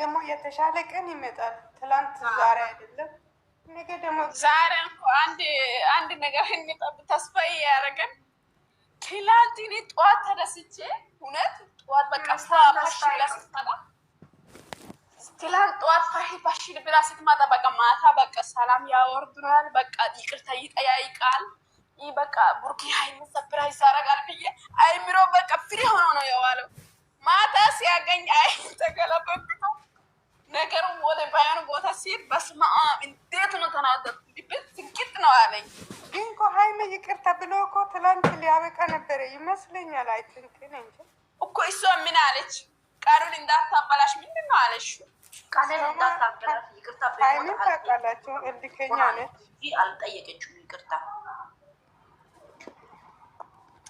ደግሞ የተሻለ ቀን ይመጣል። ትላንት ዛሬ አይደለም፣ ነገ ደግሞ ዛሬ እንኳ አንድ ነገር ተስፋ ያደረገን ትላንት እኔ ጠዋት ተደስቼ እውነት ጠዋት በቃ ትላንት ጠዋት ፋሂ ባሽል ብላ ስትመጣ በቃ ማታ በቃ ሰላም ያወርዱናል፣ በቃ ይቅርታ ይጠያይቃል፣ በቃ ቡርኪ ሀይል ሰፕራይዝ ያደርጋል ብዬ አይምሮ በቃ ፍሬ ሆኖ ነው የዋለው። ማታ ሲያገኝ አይ ተገለበብቶ ነገሩ ወደ ባያኑ ቦታ ሲሄድ በስመ አብ እንዴት ነው ተናደድኩ። ልቤት ትንቅጥ ነው አለኝ። ግን እኮ ሀይሜ ይቅርታ ብሎ እኮ ትላንት ሊያበቃ ነበረ ይመስለኛል። አይ ትንቅን እንጂ እኮ እሷ ምን አለች? ቃሉን እንዳታበላሽ ምንድን ነው አለሽ? ቃሉን እንዳታበላሽ ይቅርታ ብሎ ታውቃላችሁ፣ እልከኛ ነች። አልጠየቀችውም ይቅርታ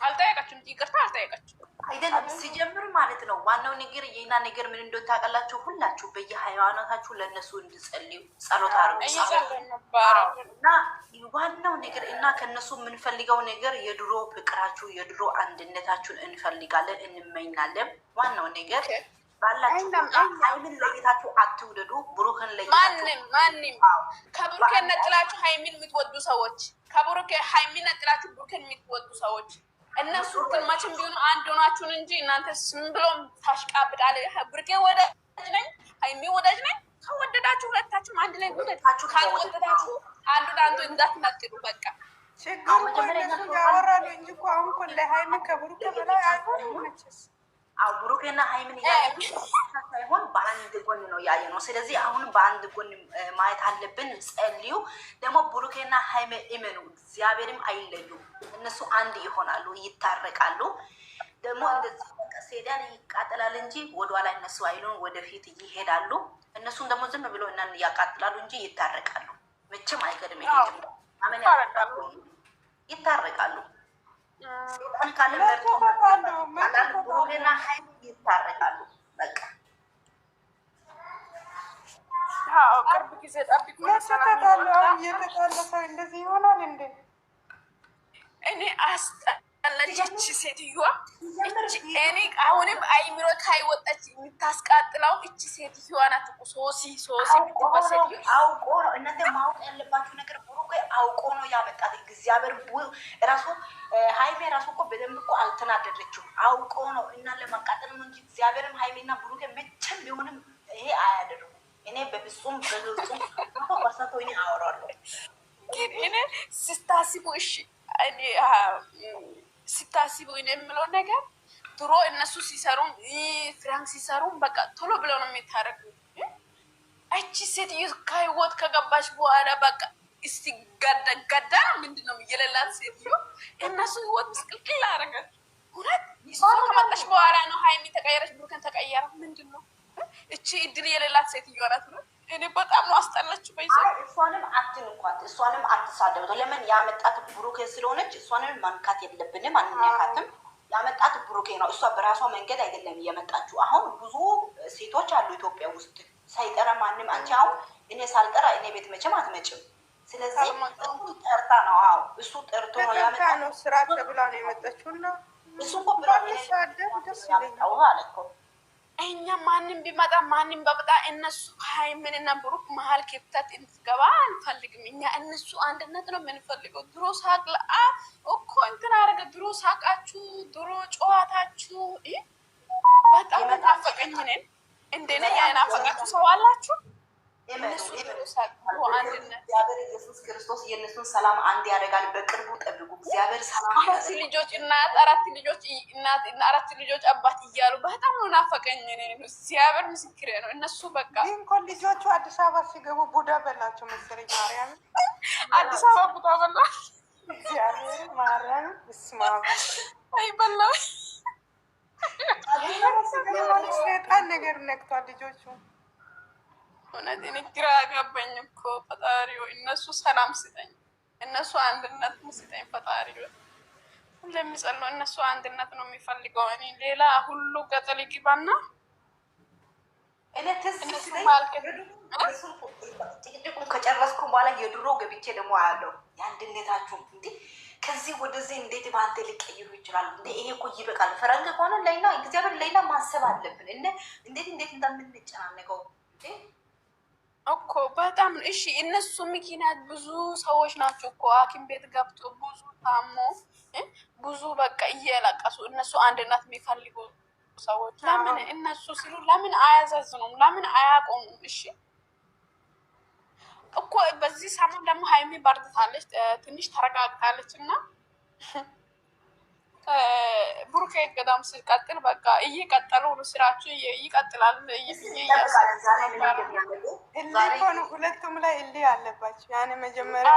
አልጠየቀችም። ይቅርታ አልጠየቀችም። አይደለም ሲጀምር ማለት ነው። ዋናው ነገር የና ነገር ምን እንደሆነ ታውቃላችሁ። ሁላችሁ በየሃይማኖታችሁ ለእነሱ እንድጸልዩ ጸሎት አርጉ እና ዋናው ነገር እና ከእነሱ የምንፈልገው ነገር የድሮ ፍቅራችሁ፣ የድሮ አንድነታችሁን እንፈልጋለን፣ እንመኛለን። ዋናው ነገር ባላችሁሀይምን ለይታችሁ አትውደዱ። ብሩክን ለማንም ማንም ማንም ከብሩኬ ነጥላችሁ ሀይሚን የምትወዱ ሰዎች ከብሩኬ ሀይሚን ነጥላችሁ ብሩክን የምትወዱ ሰዎች እነሱ ግን መቼም ቢሆኑ አንድ ሆናችሁን እንጂ እናንተ ስም ብሎም ታሽቃብጣለ። ብርቄ ወዳጅ ነኝ፣ ሀይሜ ወዳጅ ነኝ። ከወደዳችሁ ሁለታችሁም አንድ ላይ ውደዳችሁ፣ ካልወደዳችሁ አንዱን አንዱ እንዳትናቅዱ። በቃ ችግሩ እኮ እነሱ ያወራሉ እንጂ እኮ አሁን እኮ ለሀይሜ ከብሩኬ በላይ አይሆንም መቼስ ብሩኬና ሃይምን ሳይሆን በአንድ ጎን ነው ያየ ነው። ስለዚህ አሁን በአንድ ጎን ማየት አለብን። ጸልዩ ደግሞ ብሩኬና ሃይም እመኑ፣ እግዚአብሔርም አይለዩ። እነሱ አንድ ይሆናሉ፣ ይታረቃሉ። ደግሞ እንደዚህ ሴዳን ይቃጠላል እንጂ ወደኋላ እነሱ አይሉን፣ ወደፊት ይሄዳሉ። እነሱን ደግሞ ዝም ብሎ እናን ያቃጥላሉ እንጂ ይታረቃሉ። መቼም አይገድም ይሄ ይታረቃሉ ብሩክና ሀይሚ ይታረቃሉ። በቃ ቅርብ ጊዜ ጠብቁ። እየተጣለ ሰው እንደዚህ ይሆናል እንዴ? እኔ አስጠ ለልጃች ሴትዮዋ እኔ አሁንም አይምሮ ካይወጣች የምታስቃጥለው እቺ ሴትዮዋ ናት። ሶሲ ሶሲ አውቆ ነው እናንተ ማወቅ ያለባችሁ ነገር አውቆ ነው ያመጣት። እግዚአብሔር ራሱ ሀይሜ ራሱ እኮ በደንብ እኮ አልተናደደችው አውቆ ነው እና ለማቃጠል ነው እንጂ እግዚአብሔርም ሀይሜና ብሩኬ መቼም ቢሆንም ይሄ አያደርጉም። እኔ በፍጹም በፍጹም ባሳቶ አወራለሁ ግን እኔ ስታስቡ እሺ ሲታስበው የምለው ነገር ድሮ እነሱ ሲሰሩ ፍራንክ ሲሰሩ በቃ ቶሎ ብለው ነው የሚታረጉት። እቺ ሴትዮ ከህይወት ከገባች በኋላ በቃ እስቲ ጋዳ ጋዳ ነው ምንድን ነው የሌላት ሴትዮ እነሱ ህይወት ምስቅልቅል አረገት። እውነት እሷ ከመጣች በኋላ ነው ሀይሚ ተቀየረች፣ ብሩክን ተቀየረ። ምንድን ነው እቺ እድል የሌላት ሴትዮ ናት ነው እኔ በጣም ነው አስጠላችሁ። በይዘ እሷንም አትንኳት፣ እሷንም አትሳደብቶ። ለምን ያመጣት ብሩኬ ስለሆነች እሷንም ማንካት የለብንም አንነካትም። ያመጣት ብሩኬ ነው። እሷ በራሷ መንገድ አይደለም የመጣችሁ። አሁን ብዙ ሴቶች አሉ ኢትዮጵያ ውስጥ ሳይጠራ ማንም። አንቺ አሁን እኔ ሳልጠራ እኔ ቤት መቼም አትመጭም። ስለዚህ ጠርታ ነው አዎ፣ እሱ ጠርቶ ነው ያመጣ ነው። ስራ ተብላ ነው የመጣችሁና እሱ እኮ ብራ ደስ ይለኛል አለ እኮ እኛ ማንም ቢመጣ ማንም በመጣ እነሱ ሃይሚንና ብሩክ መሀል ክፍተት እንትገባ አንፈልግም። እኛ እነሱ አንድነት ነው የምንፈልገው። ድሮ ሳቅ ለአ እኮ እንትን አደረገ። ድሮ ሳቃችሁ፣ ድሮ ጨዋታችሁ በጣም በጣም ፈቀኝንን እንደነ ያናፈቃችሁ ሰው አላችሁ። እግዚአብሔር ኢየሱስ ክርስቶስ የእነሱን ሰላም አንድ ያደርጋል። በቅርቡ ጠብቁ። እግዚአብሔር ሰላም አራት ልጆች እናት አራት ልጆች እናት አራት ልጆች አባት እያሉ በጣም ነው ናፈቀኝ። እግዚአብሔር ምስክሬ ነው። እነሱ በቃ እንኳን ልጆቹ አዲስ አበባ ሲገቡ ቡዳ በላቸው መሰለኝ። ማርያም አዲስ አበባ ቡዳ በላቸው። እግዚአብሔር ማርያም ስማ አይበላም። ሰይጣን ነገር ነክቷል ልጆቹ እውነት እኔ ግራ ገባኝ እኮ ፈጣሪ ሆይ፣ እነሱ ሰላም ስጠኝ፣ እነሱ አንድነት ስጠኝ ፈጣሪ ሆይ። ለሚጸለው እነሱ አንድነት ነው የሚፈልገው። እኔ ሌላ ሁሉ ገጠል ግባና ጭቅጭቁን ከጨረስኩ በኋላ የድሮ ገብቼ ደግሞ ያለው የአንድነታችሁ እንዲህ ከዚህ ወደዚህ እንዴት በአንተ ሊቀይሩ ይችላሉ? እንደ ይሄ እኮ ይበቃል። ፈረንግ ከሆነ ለይና እግዚአብሔር ለይና ማሰብ አለብን። እንዴት እንዴት እንደምንጨናነቀው እኮ በጣም እሺ እነሱ ምክንያት ብዙ ሰዎች ናቸው እኮ ሐኪም ቤት ገብቶ ብዙ ታሞ ብዙ በቃ እየለቀሱ እነሱ አንድነት የሚፈልጉ ሰዎች ለምን እነሱ ሲሉ ለምን አያዘዝኑም? ለምን አያቆሙም? እሺ እኮ በዚህ ሰሞን ደግሞ ሀይሚ በርትታለች፣ ትንሽ ተረጋግታለች እና ብሩኬ ገዳም ስቀጥል በቃ እየቀጠሉ ነው ስራቸው ይቀጥላል። ሁለቱም ላይ እልህ አለባቸው። ያን መጀመሪያ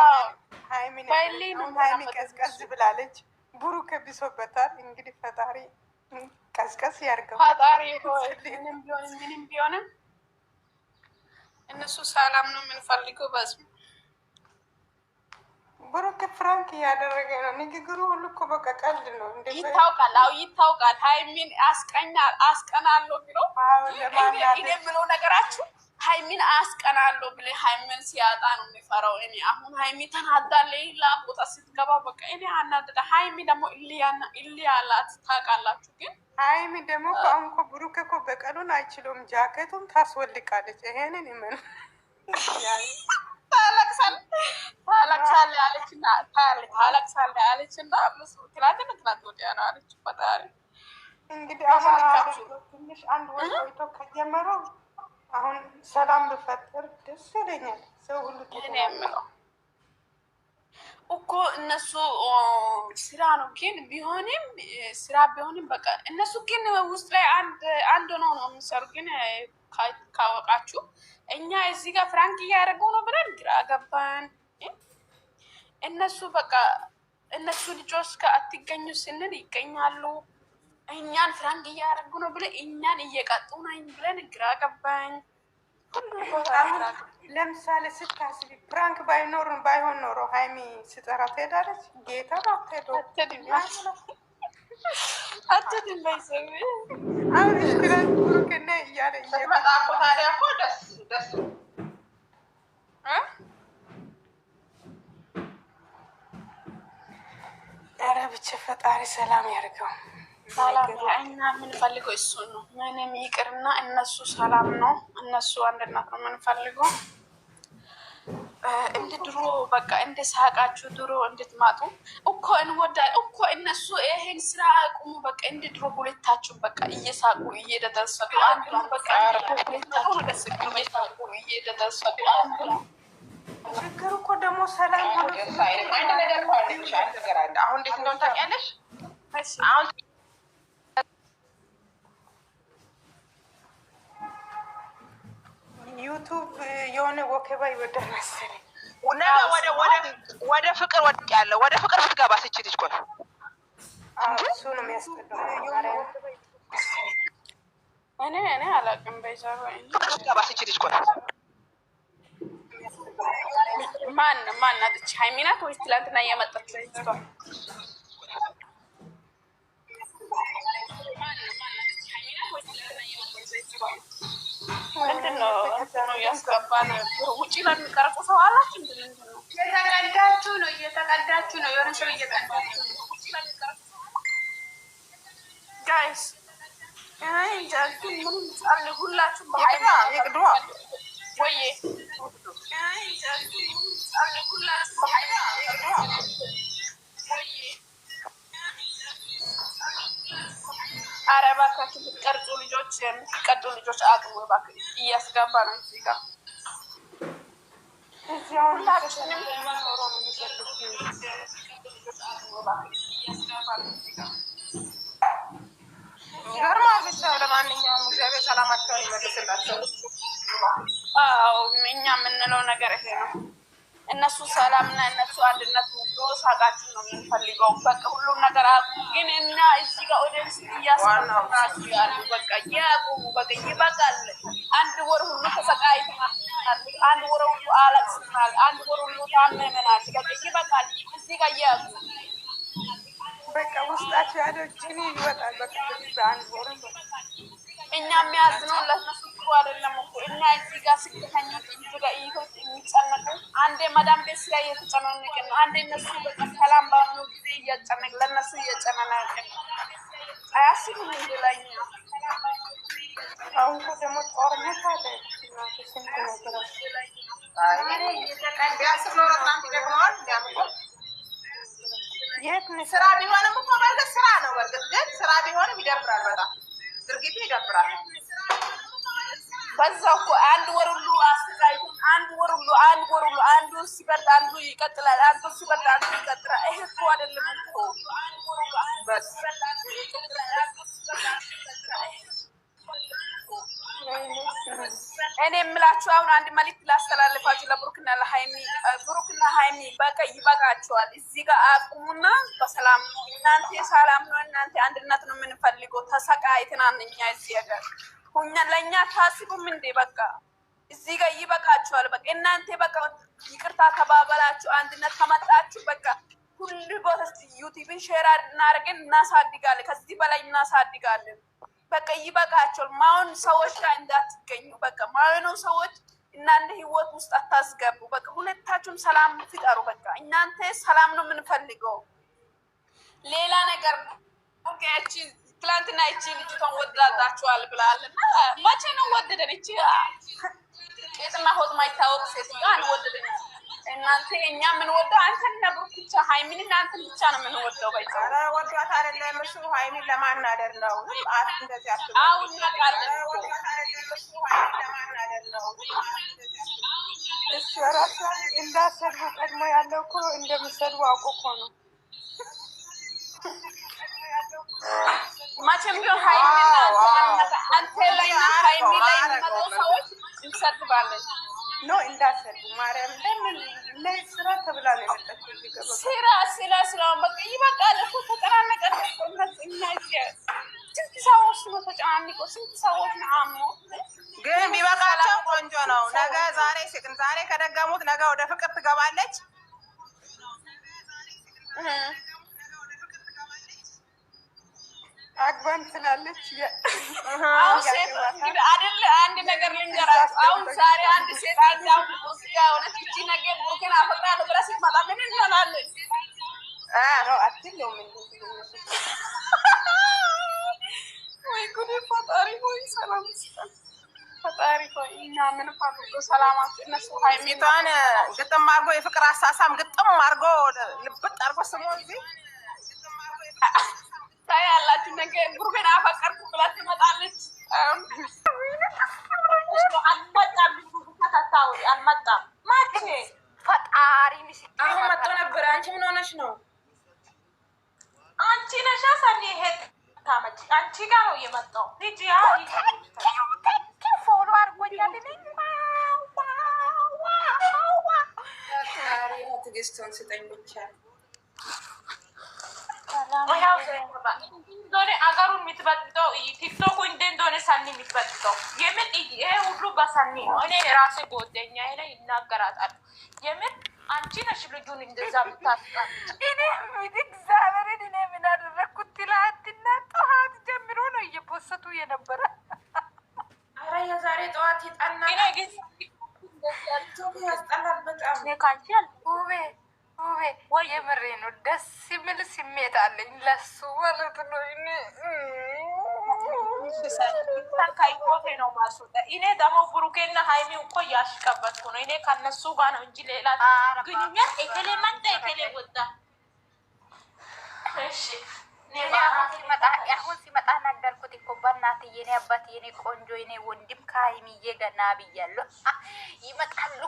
ሀይሚ ቀዝቀዝ ብላለች፣ ብሩኬ ብሶበታል። እንግዲህ ፈጣሪ ቀዝቀዝ ያድርገው። ፈጣሪ ምንም ቢሆንም እነሱ ሰላም ነው የምንፈልገው በዚህ ብሩክ ፍራንክ እያደረገ ነው። ንግግሩ ሁሉ እኮ በቃ ቀልድ ነው ይታውቃል። አዎ ይታውቃል። ሀይሚን አስቀኛል አስቀናለሁ ብሎ እኔ የምለው ነገራችሁ ሀይሚን አስቀናለሁ ብለ ሀይሚን ሲያጣ ነው የሚፈራው። እኔ አሁን ሀይሚ ተናዳ ሌላ ቦታ ስትገባ በቃ እኔ አናደደ። ሀይሚ ደግሞ እልህ አላት ታውቃላችሁ። ግን ሀይሚ ደግሞ ከአሁን እኮ ብሩክ እኮ በቀሉን አይችሉም። ጃኬቱን ታስወልቃለች። ይሄንን ይመን ታለቅሳለህ አለች እና እኮ እነሱ ስራ ነው ግን ቢሆንም ስራ ቢሆንም በቃ እነሱ ግን ውስጥ ላይ አንድ አንድ ነው የሚሰሩ ግን ካወቃችሁ እኛ እዚህ ጋር ፍራንክ እያደረገው ነው ብለን ግራ ገባን። እነሱ በቃ እነሱ ልጆች ከአትገኙ ስንል ይገኛሉ። እኛን ፍራንክ እያደረጉ ነው ብለን እኛን እየቀጡ ነኝ ብለን ግራ ገባኝ። ለምሳሌ ስታስቢ ፍራንክ ባይኖር ባይሆን ኖሮ ሀይሚ ስጠራ ትሄዳለች። ጌታ ባትሄዶ አትሄድም። ኧረ ብቻ ፈጣሪ ሰላም ያድርገው። ሰላም እኛ የምንፈልገው እሱን ነው። ምንም ይቅርና እነሱ ሰላም ነው፣ እነሱ አንድነት ነው የምንፈልገው። እንደ ድሮ በቃ እንደ ሳቃችሁ ድሮ እንድትማጡ እኮ እንወዳ እኮ እነሱ ይሄን ስራ አቁሙ። በቃ እንደ ድሮ ሁለታችሁ በቃ እየሳቁ እየደተሰጡ አንድ እኮ ደግሞ ሰላም ሆነ። አንድ ነገር አሁን እንዴት እንደሆነ ታውቂያለሽ አሁን የሆነ ወከባ ይወዳል መሰለኝ። ወደ ፍቅር ወድቅ ያለው ወደ ፍቅር ብትገባ ስችል ልጅ ቆይ እሱ ነው የሚያስጠላው። እኔ እኔ አላውቅም። በዛ ፍቅር ብትገባ ስችል ልጅ ቆይ ማን ማን ናት? ሃይሚ ናት ወይስ ትላንትና እያመጣች ምንድን ነው ያስገባል? ውጭ ለሚቀርቡ ሰው አላችሁ እየተቀዳችሁ ነው፣ እየተቀዳችሁ ነው። የሆነ ሰው እየቀዳችሁ ነው ጋይስ ሁላችሁም አረ እባካችሁ የምትቀርጹ ልጆች የምትቀዱ ልጆች አቅሙ እባክህ እያስገባ ነው እዚህ ጋር ሰላማቸውን ይመልስላቸው። እኛ የምንለው ነገር ይሄ ነው። እነሱ ሰላምና እነሱ አንድነት ሙሉ ሳቃችን ነው የምንፈልገው። በቃ ሁሉም ነገር አቁም ግን እና እዚህ ጋር ኦዲንስ እያስፈራችሁ ያሉ በቃ ያቁሙ። በቃ ይበቃል። አንድ ወር ሁሉ ተሰቃይተናል። አንድ ወር ሁሉ አለቅስናል። አንድ ወር ሁሉ ታመመናል። በቃ ይበቃል። እዚህ ጋር ያቁሙ። በቃ ውስጣችሁ ያለው ጭኒ ይወጣል። በቃ በአንድ ወር እኛ የሚያዝነው ለነሱ ጥሩ አይደለም እኮ እና እዚህ ጋር ስክተኞች እዚህ ጋር ይቶች የሚጨነቁ አንዴ መዳም ቤት ሲያ እየተጨናነቅ ነው። አንዴ እነሱ ሰላም በአሁኑ ጊዜ እያጨነቅ ለእነሱ እያጨናናቅ ነው። አያስቡ እንድለኛ አሁን ደግሞ ጦርነት አለ። ስራ ቢሆንም እኮ በእርግጥ ስራ ነው። በእርግጥ ግን ስራ ቢሆንም ይደብራል፣ በጣም ድርጊቱ ይደብራል። በዛ እኮ አንድ ወር ሁሉ አንድ ወር ሁሉ አንድ ወር ሁሉ አንዱ ሲበልጥ አንዱ ይቀጥላል። አንዱ ሲበልጥ አንዱ ይቀጥላል። ይሄ እኮ አይደለም እኮ እኔ የምላችሁ አሁን አንድ መልዕክት ላስተላልፋችሁ ለብሩክና ለሀይሚ። ብሩክና ሀይሚ በቃ ይበቃችኋል። እዚህ ጋር አቁሙና በሰላም ነው። እናንተ ሰላም ነው፣ እናንተ አንድነት ነው የምንፈልገው። ተሰቃይተናል እኛ እዚህ ሀገር ሁኛ ለእኛ ታስቡም እንዴ በቃ እዚህ ጋር ይበቃችኋል። በቃ እናንተ በቃ ይቅርታ ተባበላችሁ፣ አንድነት ከመጣችሁ በቃ ሁሉ ቦታ ዩቲዩብን ሼር እናደርግን እናሳድጋለን። ከዚህ በላይ እናሳድጋለን። በቃ ይበቃችኋል። ማሆን ሰዎች ጋር እንዳትገኙ። በቃ ማሆኑ ሰዎች እናንተ ህይወት ውስጥ አታስገቡ። በቃ ሁለታችሁም ሰላም ፍጠሩ። በቃ እናንተ ሰላም ነው የምንፈልገው፣ ሌላ ነገር ትላንትና ይቺ ልጅቷን ወዳዳችኋል ብላልና መቼ ነው ወደደን? ቄጥና ሆድ ማይታወቅ ሴትዮ አንወድልኝ። እናንተ እኛ የምንወደው አንተን እና ብሩክ ብቻ ሃይሚን አንተን ብቻ ነው የምንወደው። ባይዘው ወዷት አይደለም እሱ ሃይሚን ለማናደር ነው። አት እንደዚህ አትበል። አው እናቃለን። እሱ ራሱ እንዳሰዱ ቀድሞ ያለው እኮ እንደምሰዱ አውቆ እኮ ነው። መቼም ቢሆን ሃይሚን አንተ ላይ ሃይሚን ላይ ሰዎች ትሰድባለች። ኖ እንዳትሰድቡ፣ ማርያም ለምን ለስራ ተብላ ነው የመጣችው። ስራ ስራ ስራውን በቃ ይበቃል እኮ ተጨናነቀን። ስንት ሰዎች ነው ተጨናንቆ፣ ስንት ሰዎች ነው አሞ። ግን ቢበቃቸው ቆንጆ ነው። ነገ ዛሬ ስቅን፣ ዛሬ ከደገሙት ነገ ወደ ፍቅር ትገባለች። አግባን ትላለች። አሁን ሴት እንግዲህ አይደል? አንድ ነገር ልንገራችሁ። አሁን ዛሬ አንድ ሴት ሆነች እቺ ነገር ቡርኪና አፈቅራለሁ ብላ ስትመጣ ምን እንሆናለን? ወይ ጉድ! ፈጣሪ ሆይ ሰላም ፈጣሪ ሆይ እኛ ምን ፈልጎ ሰላማት እነሱ ሀይሚቷን ግጥም አርጎ የፍቅር አሳሳም ግጥም አርጎ ልብጥ አድርጎ ስሞ እዚህ ታያላችሁ። ነገ ጉርቤን አፈቀርኩ ብላ ትመጣለች። አልመጣም ማቼ ፈጣሪ አሁን መጥቶ ነበር። አንቺ ምን ሆነሽ ነው? አንቺ ነሻ ሰኒ ሄድ ታመጭ አንቺ ጋር ነው የመጣው። ሂጂ ፎሎ አድርጎኛል። ትዕግስቱን ስጠኝ ብቻ እንደሆነ አገሩ የምትበጥጠው ቲክቶክ እንደ እንደሆነ ሳኒ የምትበጥጠው የምር ይሄ ሁሉ በሳኒ ነው። እኔ ራሴ ጓደኛ ላይ ይናገራታል። የምር አንቺ ነሽ ልጁን እንደዛ እግዚአብሔርን እኔ ምን አደረግኩት? ትላንትና ጠዋት ጀምሮ ነው እየፖሰቱ የነበረ ኧረ የዛሬ ጠዋት ይጠናል። ወይ የምሬ ነው። ደስ የሚል ስሜት አለኝ ለሱ ማለት ነው። ከኢኮፌ ነው ማስወጣ። እኔ ደግሞ ብሩኬና ሀይሚ እኮ እያሽቀበጥኩ ነው። እኔ ከነሱ ጋር ነው እንጂ ሌላ ግንኙነት ኤኬሌ መጣ ኤኬሌ ወጣ። አሁን ሲመጣ ነገርኩት እኮ በእናትዬ፣ የኔ አባት፣ የኔ ቆንጆ፣ የኔ ወንድም ከሀይሚዬ ገና ብያለሁ ይመጣሉ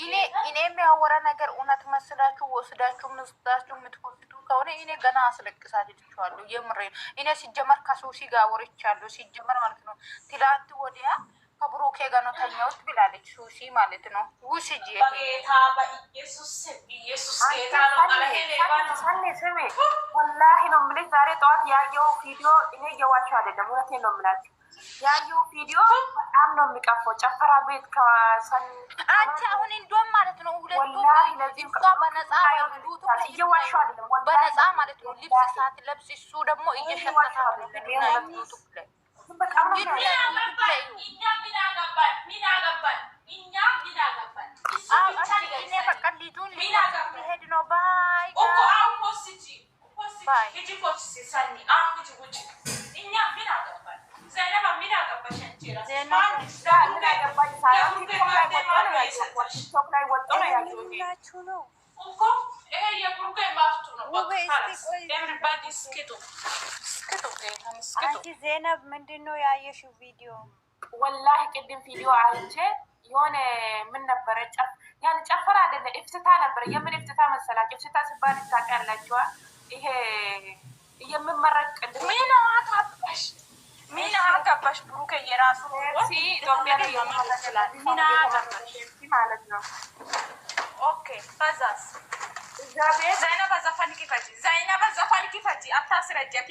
እኔ ነገር እውነት መስላችሁ ወስዳችሁ ምስጣችሁ የምትኮስቱ ከሆነ እኔ ገና አስለቅሳት ይችዋለሁ። የምሬ እኔ ሲጀመር ከሶሲ ጋር ወርቻለሁ ሲጀመር ማለት ነው ትላንት ወዲያ ከብሩኬ ጋር ነው ተኛሁት ብላለች። ሱሲ ማለት ነው። ውሽ እጅ ስሜ ወላሂ ነው የምልሽ። ዛሬ ጠዋት ያየው ቪዲዮ እኔ እየዋቸው አይደለም፣ እውነቴን ነው የምላቸው። ያየው ቪዲዮ በጣም ነው የሚቀፈው። ጨፈራ ቤት አንቺ አሁን እንዶም ማለት ነው ሁለቱ አይደለም፣ በነፃ ማለት ነው። ልብስ ሰዓት ለብስ እሱ ደግሞ እየሸፈታ ነው ሁላችሁ ነው። አንቺ ዜነብ ምንድን ነው ያየሽው ቪዲዮ? ወላሂ ቅድም ቪዲዮ አይቼ የሆነ ምን ነበረ ያን ጨፈራ አይደለ እፍትታ ነበረ። የምን እፍትታ መሰላችሁ? እፍትታ ሲባል ታውቃላችሁ? ይሄ የምመረቅ ምን አታባሽ ምን አገባሽ ብሩኬ፣ የራሱ ኢትዮጵያ ማለት ነው ኦኬ። ከዛስ? ዘይነባ ዘፈን ክፈቺ፣ ዘይነባ ዘፈን ክፈቺ። አታስረጃት።